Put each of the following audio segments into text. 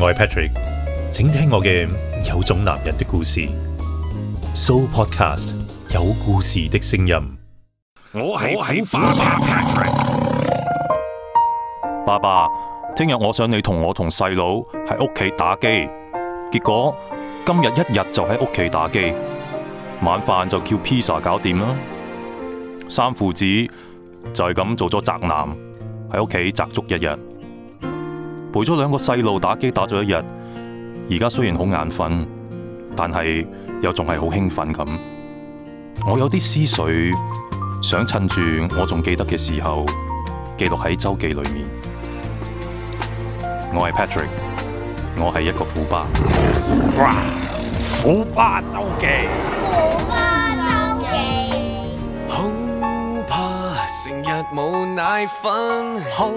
我係 Patrick，請聽我嘅有種男人的故事。So Podcast 有故事的聲音。我喺爸爸 Patrick，爸爸，聽日我想你同我同細佬喺屋企打機，結果今日一日就喺屋企打機，晚飯就叫 pizza 搞掂啦。三父子就係咁做咗宅男，喺屋企宅足一日。陪咗兩個細路打機打咗一日，而家雖然好眼瞓，但係又仲係好興奮咁。我有啲思緒，想趁住我仲記得嘅時候，記錄喺周記裏面。我係 Patrick，我係一個虎爸。 哇！虎爸周記。冇奶粉，好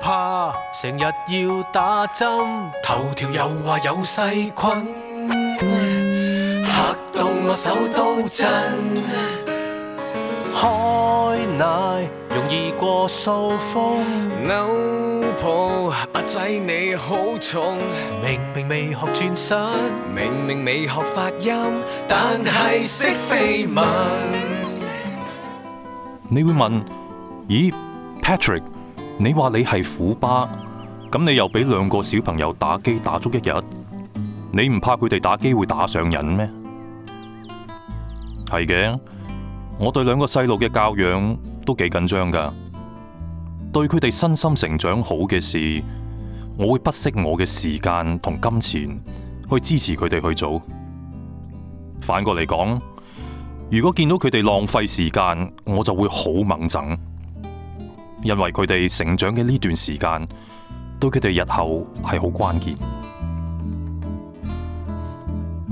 怕成日要打針。頭條又話有細菌，嚇到我手都震。開奶容易過受風，扭抱婆阿仔你好重。明明未學轉身，明明未學發音，但係識飛吻。你會問？咦，Patrick，你話你係虎巴，咁你又俾兩個小朋友打機打足一日，你唔怕佢哋打機會打上癮咩？係嘅，我對兩個細路嘅教養都幾緊張㗎，對佢哋身心成長好嘅事，我會不惜我嘅時間同金錢去支持佢哋去做。反過嚟講，如果見到佢哋浪費時間，我就會好猛憎。因為佢哋成長嘅呢段時間，對佢哋日後係好關鍵。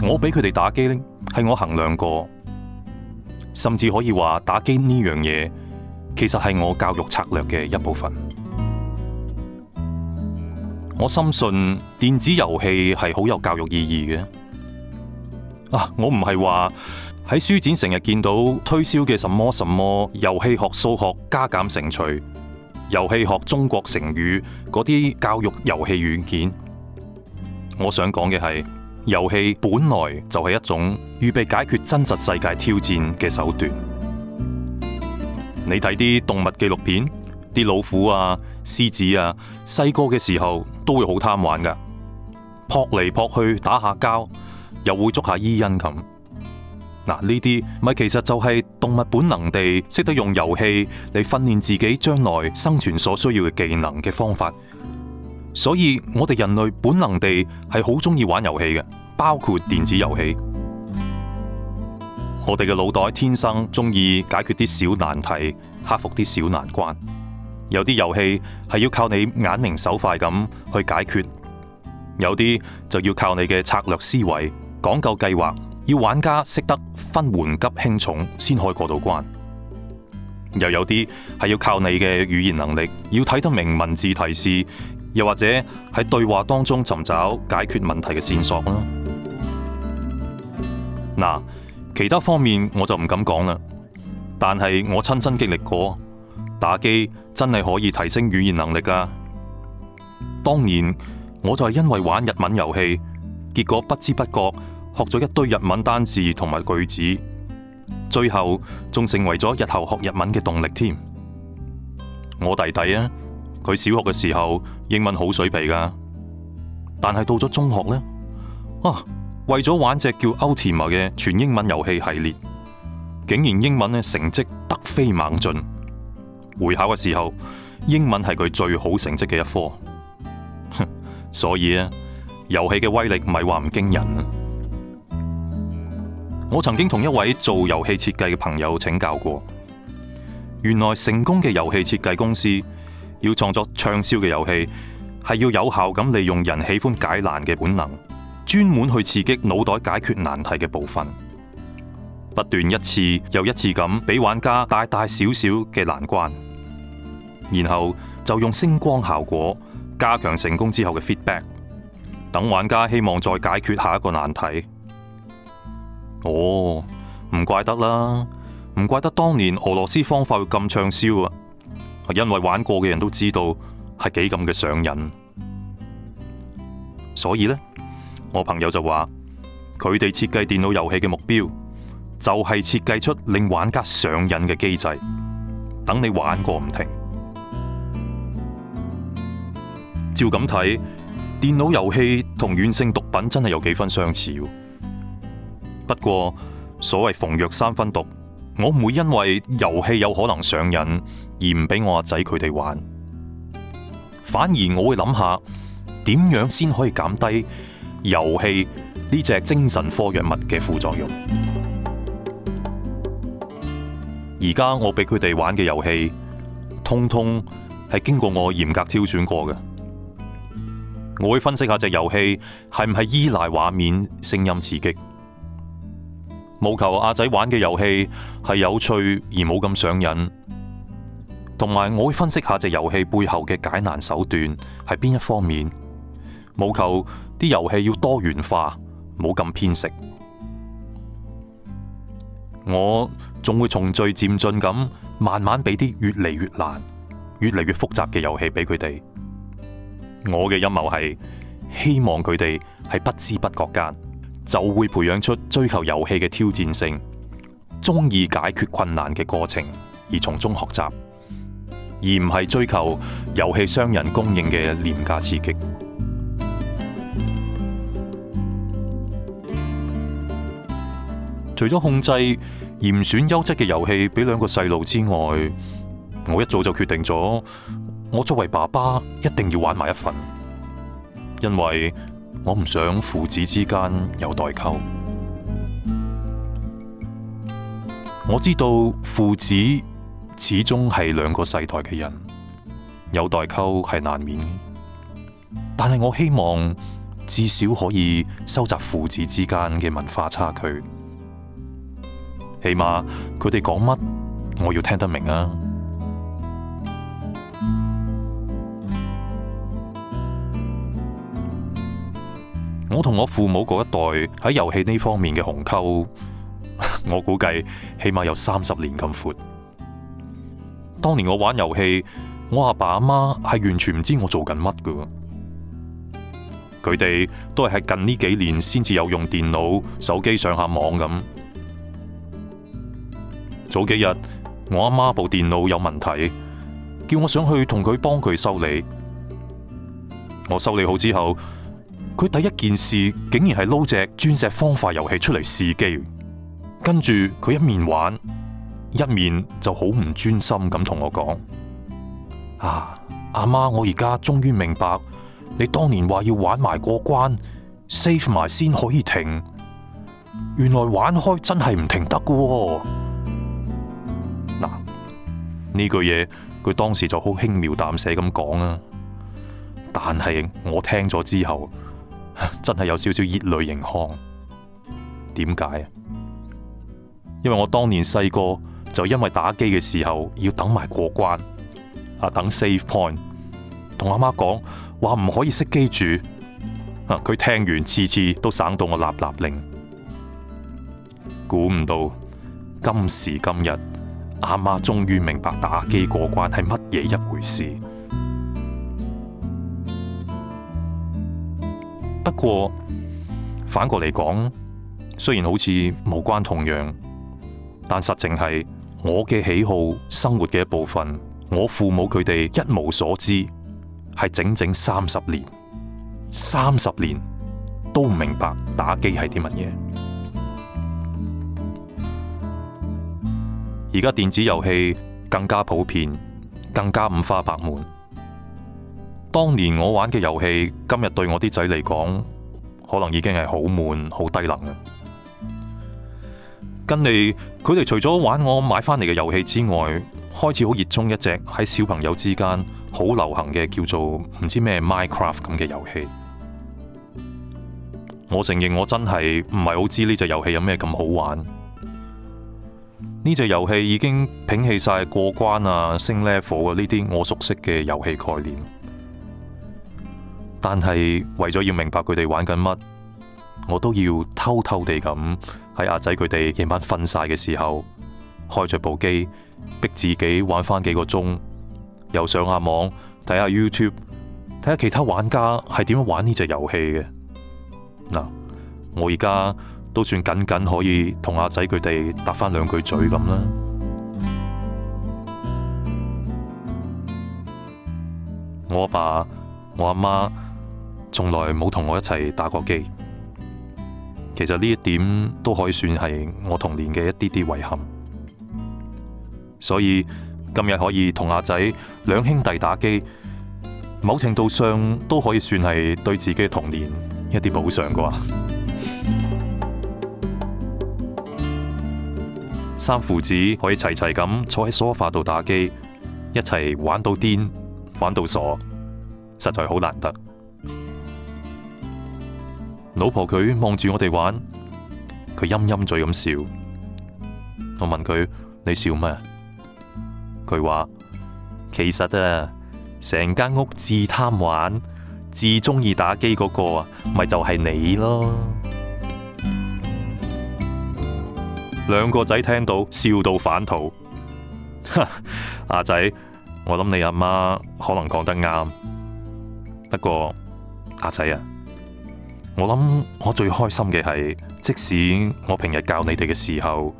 我俾佢哋打機呢，係我衡量過，甚至可以話打機呢樣嘢，其實係我教育策略嘅一部分。我深信電子遊戲係好有教育意義嘅。啊，我唔係話喺書展成日見到推銷嘅什麼什麼遊戲學數學加減成趣。遊戲學中國成語嗰啲教育遊戲軟件，我想講嘅係遊戲本來就係一種預備解決真實世界挑戰嘅手段。你睇啲動物紀錄片，啲老虎啊、獅子啊，細個嘅時候都會好貪玩噶，撲嚟撲去，打下交，又會捉下伊恩咁。嗱，呢啲咪其實就係動物本能地識得用遊戲嚟訓練自己將來生存所需要嘅技能嘅方法，所以我哋人類本能地係好中意玩遊戲嘅，包括電子遊戲。我哋嘅腦袋天生中意解決啲小難題，克服啲小難關。有啲遊戲係要靠你眼明手快咁去解決，有啲就要靠你嘅策略思維，講究計劃。要玩家識得分緩急輕重，先可以過到關。又有啲係要靠你嘅語言能力，要睇得明文字提示，又或者喺對話當中尋找解決問題嘅線索啦。嗱，其他方面我就唔敢講啦，但係我親身經歷過，打機真係可以提升語言能力噶、啊。當年我就係因為玩日文遊戲，結果不知不覺。學咗一堆日文單字同埋句子，最後仲成為咗日後學日文嘅動力添。我弟弟啊，佢小學嘅時候英文好水皮噶，但係到咗中學呢，啊，為咗玩隻叫《Ultima》嘅全英文遊戲系列，竟然英文嘅成績突飛猛進，會考嘅時候英文係佢最好成績嘅一科。 所以啊，遊戲嘅威力咪話唔驚人。我曾經同一位做遊戲設計嘅朋友請教過，原來成功嘅遊戲設計公司要創作暢銷嘅遊戲，係要有效咁利用人喜歡解難嘅本能，專門去刺激腦袋解決難題嘅部分，不斷一次又一次咁俾玩家大大小小嘅難關，然後就用聲光效果加強成功之後嘅 feedback，等玩家希望再解決下一個難題。哦，唔怪得啦，唔怪得當年俄羅斯方法會咁暢銷啊，因為玩過嘅人都知道係幾咁嘅上癮。所以呢，我朋友就話，佢哋設計電腦遊戲嘅目標就係設計出令玩家上癮嘅機制，等你玩過唔停。照咁睇，電腦遊戲同軟性毒品真係有幾分相似。不過，所謂逢藥三分毒，我唔會因為遊戲有可能上癮而唔俾我阿仔佢哋玩，反而我會諗下點樣先可以減低遊戲呢隻精神科藥物嘅副作用。而家我俾佢哋玩嘅遊戲，通通係經過我嚴格挑選過嘅，我會分析下隻遊戲係唔係依賴畫面、聲音刺激。務求阿仔玩嘅遊戲係有趣而冇咁上癮，同埋我會分析下隻遊戲背後嘅解難手段係邊一方面。務求啲遊戲要多元化，冇咁偏食。我仲會循序漸進咁，慢慢俾啲越嚟越難、越嚟越複雜嘅遊戲俾佢哋。我嘅陰謀係希望佢哋喺不知不覺間。就會培養出追求遊戲嘅挑戰性，中意解決困難嘅過程，而從中學習，而唔係追求遊戲商人供應嘅廉價刺激。 除咗控制嚴選優質嘅遊戲俾兩個細路之外，我一早就決定咗，我作為爸爸一定要玩埋一份，因為。我唔想父子之間有代溝。我知道父子始終係兩個世代嘅人，有代溝係難免，但係我希望至少可以收集父子之間嘅文化差距，起碼佢哋講乜，我要聽得明啊。我同我父母嗰一代喺遊戲呢方面嘅鴻溝， 我估計起碼有三十年咁闊。當年我玩遊戲，我阿爸阿媽係完全唔知我做緊乜噶。佢哋都係喺近呢幾年先至有用電腦、手機上下網咁。早幾日我阿媽部電腦有問題，叫我想去同佢幫佢修理。我修理好之後。佢第一件事竟然係撈隻鑽石方塊遊戲出嚟試機，跟住佢一面玩一面就好唔專心咁同我講：啊，阿媽，我而家終於明白你當年話要玩埋過關，save 埋先可以停，原來玩開真係唔停得噶。嗱，呢句嘢佢當時就好輕描淡寫咁講啊，但係我聽咗之後。真係有少少熱淚盈眶，點解啊？因為我當年細個就因為打機嘅時候要等埋過關啊，等 save point，同阿媽講話唔可以熄機住，佢聽完次次都省到我立立令。估唔到今時今日，阿媽終於明白打機過關係乜嘢一回事。不過，反過嚟講，雖然好似無關痛癢，但實情係我嘅喜好、生活嘅一部分。我父母佢哋一無所知，係整整三十年，三十年都唔明白打機係啲乜嘢。而家電子遊戲更加普遍，更加五花八門。當年我玩嘅遊戲，今日對我啲仔嚟講，可能已經係好悶、好低能。近嚟，佢哋除咗玩我買返嚟嘅遊戲之外，開始好熱衷一隻喺小朋友之間好流行嘅叫做唔知咩 Minecraft 咁嘅遊戲。我承認我真係唔係好知呢隻遊戲有咩咁好玩。呢隻遊戲已經摒棄晒過關啊、升 level 啊呢啲我熟悉嘅遊戲概念。但係為咗要明白佢哋玩緊乜，我都要偷偷地咁喺阿仔佢哋夜晚瞓晒嘅時候，開着部機，逼自己玩翻幾個鐘，又上下網睇下 YouTube，睇下其他玩家係點樣玩呢隻遊戲嘅。嗱，我而家都算僅僅可以同阿仔佢哋答翻兩句嘴咁啦。我阿爸，爸，我阿媽。從來冇同我一齊打過機，其實呢一點都可以算係我童年嘅一啲啲遺憾。所以今日可以同阿仔兩兄弟打機，某程度上都可以算係對自己嘅童年一啲補償啩。三父子可以齊齊咁坐喺梳化度打機，一齊玩到癲，玩到傻，實在好難得。老婆佢望住我哋玩，佢陰陰嘴咁笑。我問佢：你笑咩？佢話：其實啊，成間屋至貪玩、至中意打機嗰個咪就係你囉。兩個仔聽到笑到反肚。阿仔，我諗你阿媽可能講得啱，不過阿仔啊。我諗我最開心嘅係，即使我平日教你哋嘅時候，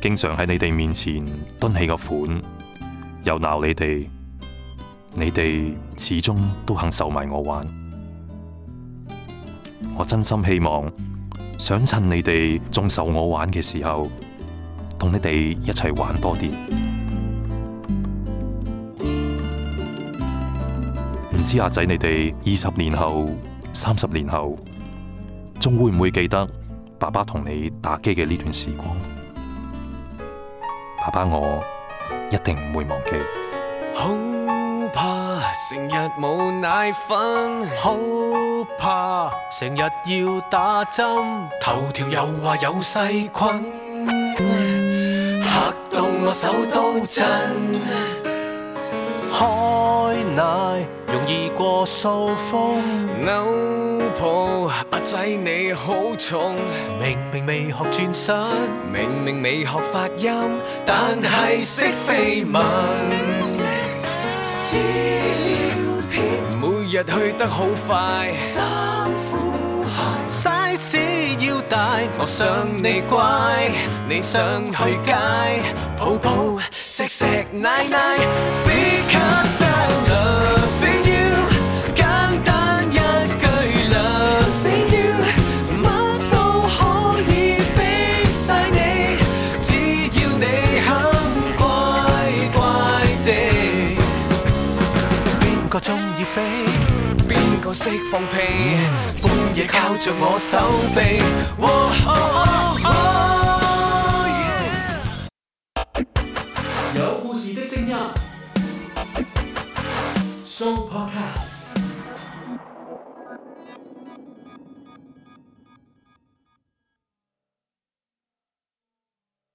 經常喺你哋面前蹲起個款，又鬧你哋，你哋始終都肯受埋我玩。我真心希望，想趁你哋仲受我玩嘅時候，同你哋一齊玩多啲。唔知阿仔，你哋二十年後，三十年後，仲會唔會記得爸爸同你打機嘅呢段時光？爸爸，我一定唔會忘記。好怕成日冇奶粉， 好怕成日要打針，頭條又話有細菌，嚇到我手都震。開奶。容易過數方扭抱，阿仔你好重。明明未學轉身，明明未學發音，但係識飛吻。資料片，每日去得好快，衫褲鞋，size 要帶。我想你乖，你想去街，抱抱錫錫奶奶。Because 邊個中意飛，邊個識放屁？半夜靠著我手臂。Oh, oh, oh, oh, yeah. 有故事的聲音